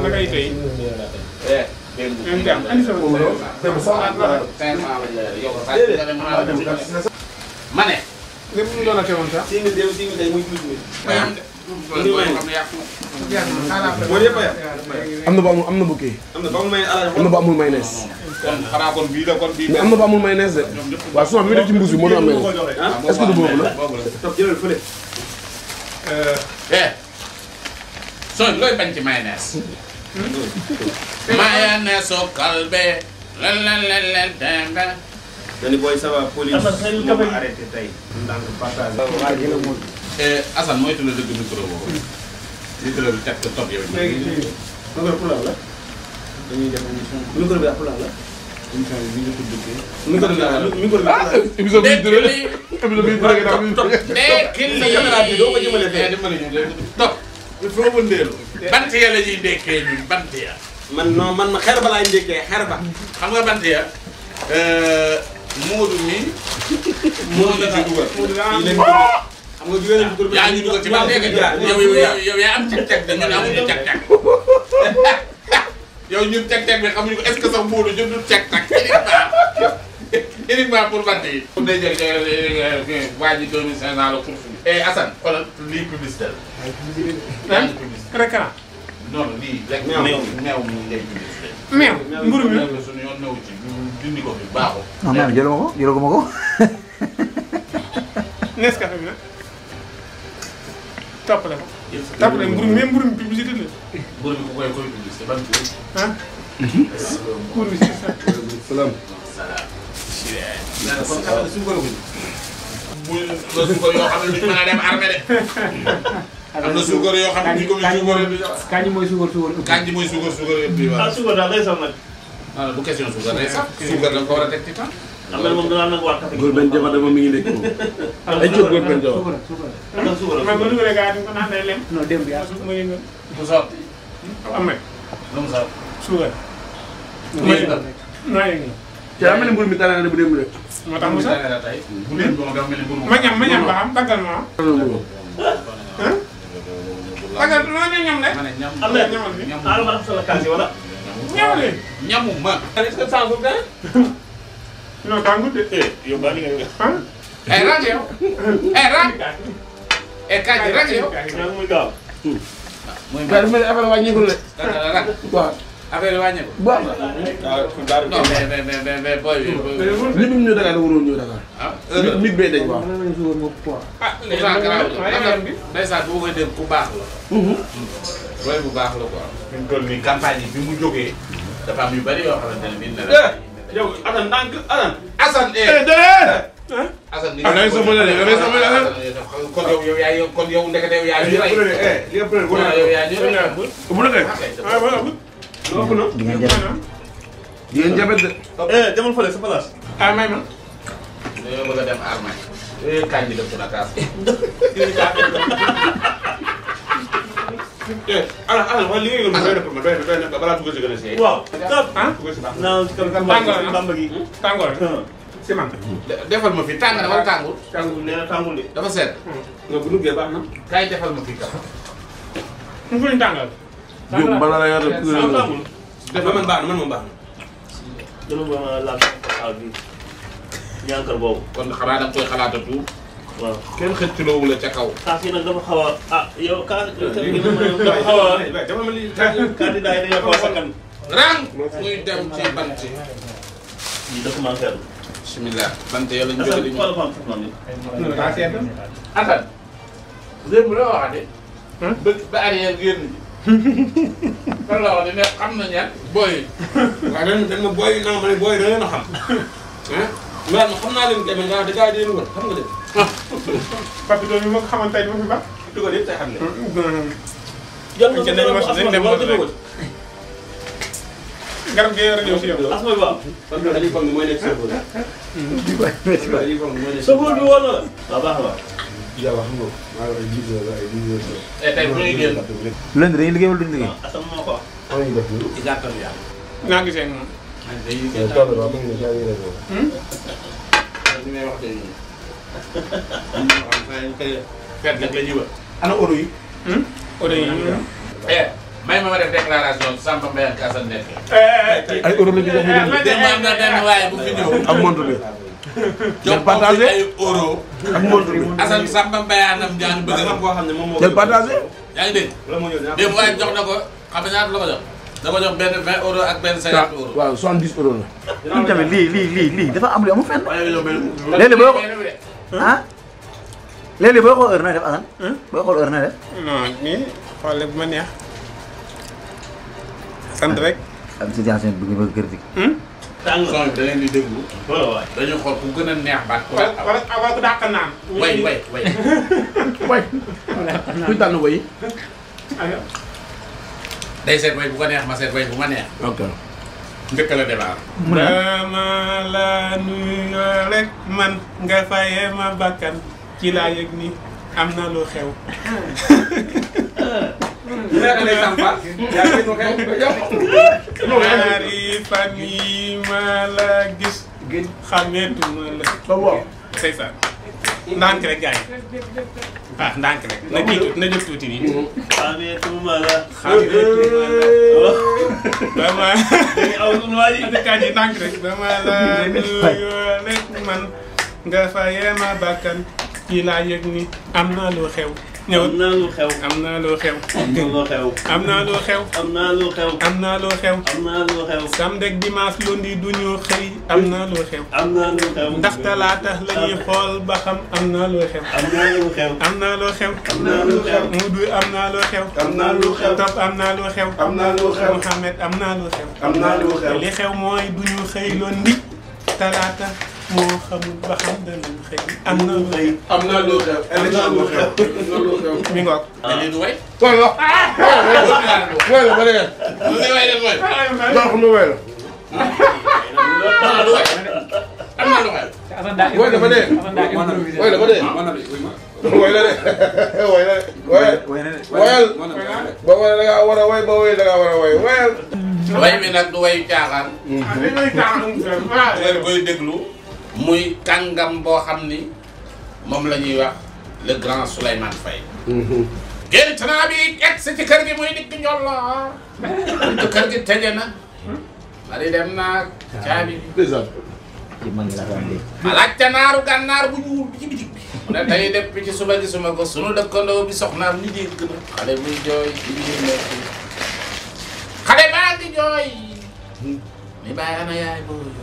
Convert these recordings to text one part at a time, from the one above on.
nga koy tey. démb jàmm andi sama ma ne. lépp lu ñu doon atee woon sax. six mille dem six mille day muy douze mille. am na bu amul am na bu kii. am na bu amul may am na bu amul mayonnaise. xanaa kon bii la kon bii. mais am na bu amul mayonnaise de. waaw souvent bi mu def ci mbuus bi mënul am mayonnaise. est-ce que du boobu la. toog jëlal fële. sooy looy bañ ci mayonnaise. maya ne so kalbe lalalala demba dañu koy sawa police moom arrêté tey ndànk partage eh, Assane mooy tudd dëgg micro boobu micro bi teg ko topp yow micro pulaar la dañuy def émission micro bi pulaar la émission bi ñu ko duggee micro bi micro bi ah, émission bi duré émission bi duré dama top dekk li doo ko jëmale fee eh, il faut wëndeelu. bant ya la ñuy ndekkee ñun bant ya. man non man ma xer ba laay ndekkee xer ba. xam nga bant ya. Moodu mi. Moodu la ci dugal. Moodu la am xam nga jugee nañu tur yaa ngi dugal ci bant ya yow yow yaa am ci teg da ñun amuñu teg teg. yow ñun teg teg bi xamuñu ko est ce que sax Moodu jëndul teg teg uniquement uniquement pour bant yi. pour day jël waa ji 2500 la pour. eh Assane xoolal lii publicité la. ay não la ah. non lii rek. meew meew mi ngay publicité. meew mburu mi não suñu yoon newu ci dindi ko fi baaxul. non meew jëluma ko jëluma ko. não bi nag. toppale ko. toppale mburu mi mburu mi publicité la. mburu mi ku koy koy publicité ban kii. ah. mburu mi si sa. salaam. salaam. muy la suukar yoo xam ne duñ mën a dem armée de. am na suukar yoo xam ne duñ ko muy suukar yëpp. kañ mooy suukar suukar yëpp. kañ mooy suukar suukar yëpp bi waaw. ah suukar daal day sax nag. voilà bu question suukar day sax. suukar da nga ko war a teg ci temps. am na moom dinaa nangu waat café. góor benn jabar dama mi ngi nekk moom. Ah, ay coow góor benn jabar. suukar suukar la ah, suukar la. man bu dugalee gars yi ko naan day lem. non démb yaa suuf ma yëngal. mu soob. am na. mu soob. suukar. mu yëngal. noo yëngal. Jangan mel ni mburu ada tànnale bu dee bu dee. moo tax mu sax bu dee ma ñam ma ñam ba xam tàggal ma. tàggal dina ñam ñam de. am na ñamal wala. ñamale ñamu ma. est-ce que saa suuf dara. non tàngut de. yow baa ngi lay ah. ay rajo yow. ay rajo. ay kaaj rajo yow. mooy gaaw. mooy gaaw. gars affaire yi wàññeeku. bu am non mais mais mais mais booy bi. li mu ñëw Dakar waroon ñëw Dakar. ah heure mi mi bee dañ waaw. ah léegi nag garaaw bi ndeysaan bu koy dégg ku baax la. booy bu baax la quoi. fi mu toll nii campagne bi mu jógee. dafa am yu bëri yoo xamante ne bii ne eh, yow Assane ndànk Assane. Assane eh. eh, eh. Assane li nga xam kon yow yaa yow kon yow ndekete yow yaa ñu rey. li nga di ngeen jabet di ngeen jabet de. eh demal fële sa place. ah may ma. dañoo bëgg a dem Allemagne. Eh, kañ bi def ko Dakar. eh alors alors li nga yoroon doy na pour ma doy na doy na balaa dugg si gën a seey. waaw ah dugg si baax. non tàngoor gi ah? tàngoor ah? hmm. si man. defal ma fi tàng na wala tàngul. tàngul nee na tàngul de. dafa seet. Hmm. nga bu duggee baax na. kaay defal ma fi kaw. mu ngi tàngal. Diop mbaa la yor la kuréel la. dafa man baax na man moom baax na. dama bëgg laaj xaal bi ñànkal boobu. kon xanaa da nga koy xalaatatu. waaw kenn xëcculoowu la ca kaw. kaas yi nag dafa xaw a ah yow kaas. dafa xaw a dafa mel ni candidat yi dañoo xaw a sakkan. rang muy dem ci bant. lii dafa maa seetlu. bisimilah bant yàlla ñu joxe li ñu. Assane. Assane. léegi bu la waxatee. Hmm? ba ba arrière génn. te loolu di ne xam na ñan ah, booy yi. waaw dañu dañ ma booy yi naan ma ne booy yi da ngeen a xam. mais man xam naa leen demee nga da gaa di leen wër xam nga leen. Fatou Ndiaye mi ma ko xamoon tey du ma fi baax. dugal yëpp tey xam ne. jël nga gën a wax asma bi wala dëgg garab gi yore ñëw si yow. asma bi waaw. parce que Aliou Fong mooy nekk Sofóor. Aliou Fong mooy nekk Sofóor bi woon na la. waaw baax na waaw. yàlla xam nga maa ngi wax ay dix heures ay dix heures. Eh, tey tey bu ñuy génn. lundi liggéey wala duñu liggéey. waaw ah, asam moo ko wax. maa ngi def loolu. ay odo la jël partagé ay euro ak montre bi Assane Samba Mbayanam Diagne bëgg na koo xam ne moom jël partagé yaa ngi dégg démb waaye jox na xam nga la ko jox da jox 20 euro ak 50 euro waaw 70 euro la tamit dafa am lu fenn ah heure na def Assane boo heure na def non nii xool bu neex sant rek am bëgg son bi da leen di déglu. xool ku gën a neex baat. ku dàq wala wala ku dàq kuy tànn way. day seet way bu ko neex ma seet way bu ma neex. ok njëkk la démarré. dama la nuyoo rek man nga fayee ma bakkan ci laa yëg ni am na lu xew. Bila kena sampah, yakin makanya Arifan mala gis xametuma la. Ba wo. C'est ça. Ndànk rek gaay. Ah ndànk rek. Na jiitu na jëf tuuti nii. nga fayee ma bakkan. Kii amna yëg ni xew. ñëw am na lu xew. am naa lu xew. am naa lu xew. am naa lu xew. am naa lu xew. am du ñu xëy. am na lu xew. ndax talaata la xool ba xam am na lu xew. am na lu xew. am naa lu xew. am naa lu xew. Moodu am na lu xew. am naa lu xew. Top am naa lu xew. am naa lu xew. Mouhamed am naa lu xew. am naa lu xew. li xew mooy du moo xamul ba xam danañ xëy. am na lay. am na loo xew. am na loo xew am na loo xew. mi ngi wax. da ngeen di way. waaw waaw. waaw la ba ah, ah, ah, dégg. lu ne waay def waay. waaw lu waay la. am na lu waay. am na lu waay. waay la ba dégg. waay la ba dégg. waay la de. waay la de. waayal. ba waay da ngaa war a waay ba waay da ngaa war a waay waayal. way mi nag du wayu caaxaan. Mm-hmm. ah day wayu caaxaan. waaw. ngeen koy déglu. muy kàngam boo xam ni moom lañuy ñuy wax le grand Souleymane Faye mhm. gént naa bi egg ci kër gi muy dikk ñolloor buntu kër gi tëje na mari dem naa caabi bi ma naaru gànnaar bu ñuul bi ci bitig bi mu ne tey def ci suba gisuma ko sunu dëkkandoo bi soxnaam ni dégg na xale buy jooy di njir nekk xale baa ngi jooy ni bàyyi ana yaay boobu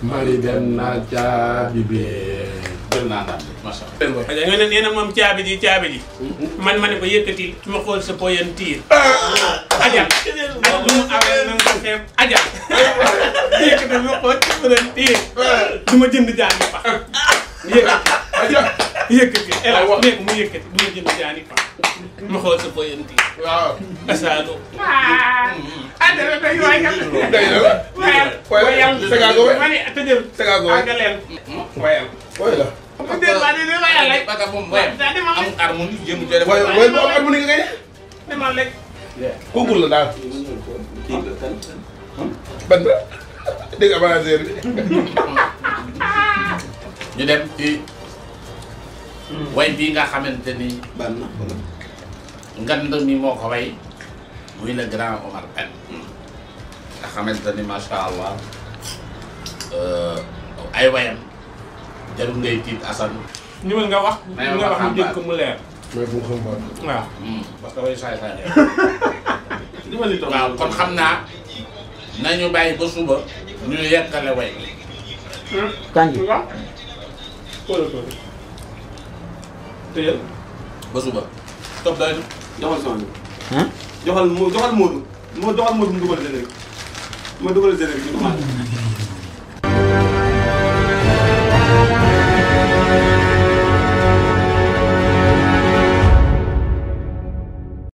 mari dem naa caabi bi jël naa daal macha allah. nga ne nee moom caabi ji caabi ji. Mm-hmm. man ma ne ko yëkkati su ma xool sa aja ah! aja yëkkati ma xool sa ah! du ma jënd jaani fa. Ah! yëkkati aja du ma jënd jaani ma xool sa boyanti. waaw. asaado. ah dana doy waay kat. doy na la. wayal sagaago wayal. ma ne tëjal. sagaago wayal àgga leen. wayal. wayal. bu dee waa dee wayal rek. parce que moom wayal amul harmonie jéem a joxe. wayal wayal boobu harmonie nga koy def. demal rek. kooku la daal. ban la. dégg nga avancé bi. ñu dem ci. way bii nga xamante ni ngand mi moo ko way muy le grand Omar Pène nga xamante ni macha allah euh, ay wayam jarul ngay tiit asan ni mel nga wax ni wax ñu jël ko mu leer hmm. waaw kon xam naa nañu bàyyi ba suba ñu yekkale way hmm? tàngi waaw tëjal ba suba. stop doy na joxal son bi. joxal mu joxal Modou ma joxal Modou mu dugal générique ma dugal générique ñu commencé.